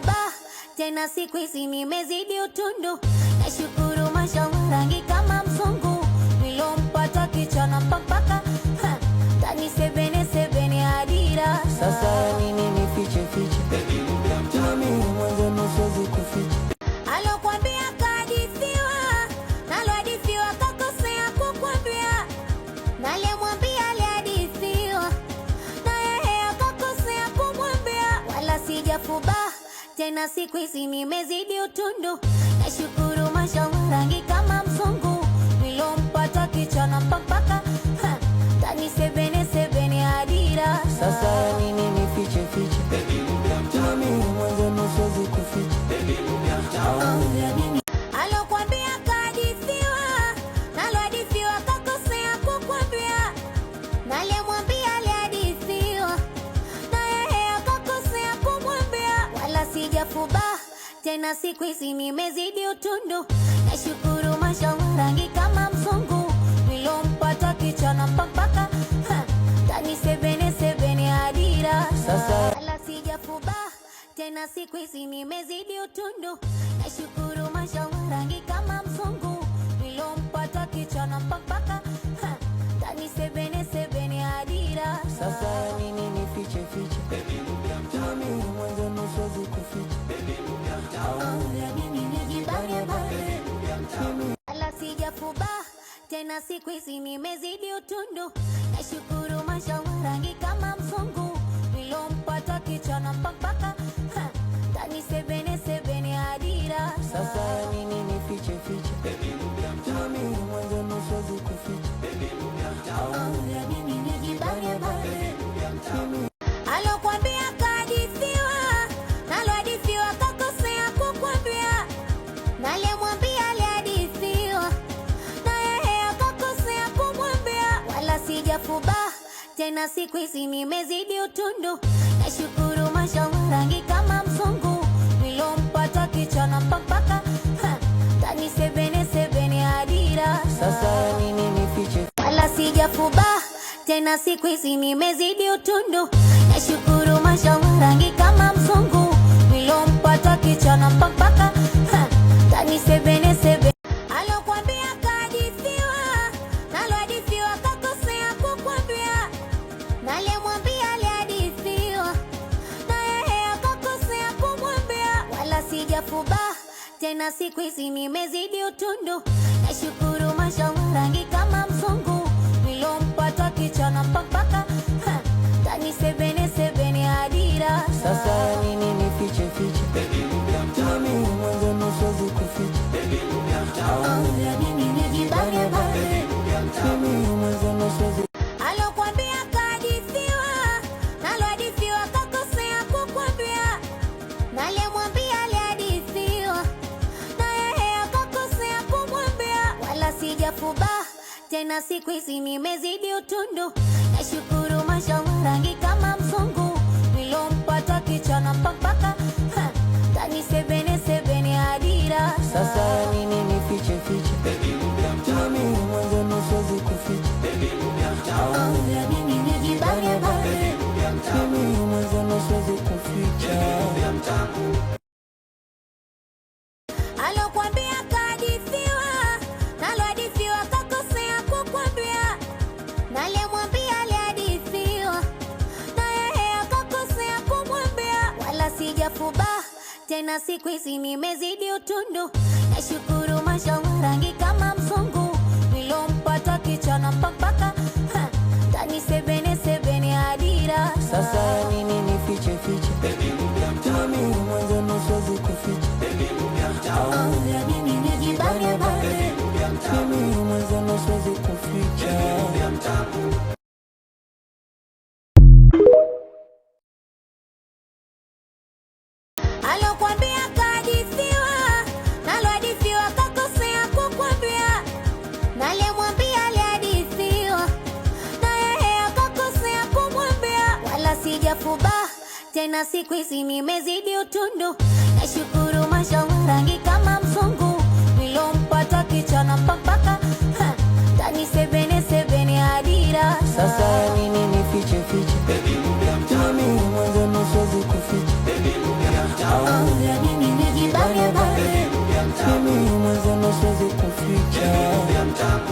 kuba tena siku hizi nimezidi utundu. Nashukuru mashallah, rangi kama mzungu, nilompata kichana mpaka tena siku hizi nimezidi utundu, nashukuru mashallah, rangi kama mzungu, nilompata kichana mpaka kuba tena siku hizi nimezidi utundu, nashukuru mashallah, rangi kama mzungu, nilompata kichana mpaka tani sebene sebene adira sasa, sija kuba tena siku hizi nimezidi utundu, nashukuru mashallah, rangi na siku hizi nimezidi utundu, nashukuru mashawarangi kama mzungu nilompata kichana mpaka tani sebene sebene adira. Sasa nini nifiche fiche, mimi mwanzo nusu zikufiche, au ya nini nijibane bane kuba tena, siku hizi nimezidi utundu. Nashukuru mashauri rangi kama mzungu nilompata kichwa na mpaka tani sebene sebene adira. Sasa nini nifiche? Wala sijafuba tena, siku hizi nimezidi utundu. Nashukuru mashauri rangi tena siku hizi nimezidi utundu, nashukuru rangi kama mzungu nilompata kichana mpaka tani sebene sebene adira. Sasa nini nifiche fiche mimi mwanzo nusuzi kufiche oh, au nini nijibane bane mimi tena siku hizi nimezidi utundu, nashukuru mashawara alafu tena, siku hizi nimezidi utundu, na shukuru mashallah, rangi kama mzungu nilompata kichana mpaka ndani sebene sebene adira. Sasa nini nifiche fiche, mimi mwanzo nusuzi kuficha, au nini nijibane bane kuba tena, siku hizi nimezidi utundu nashukuru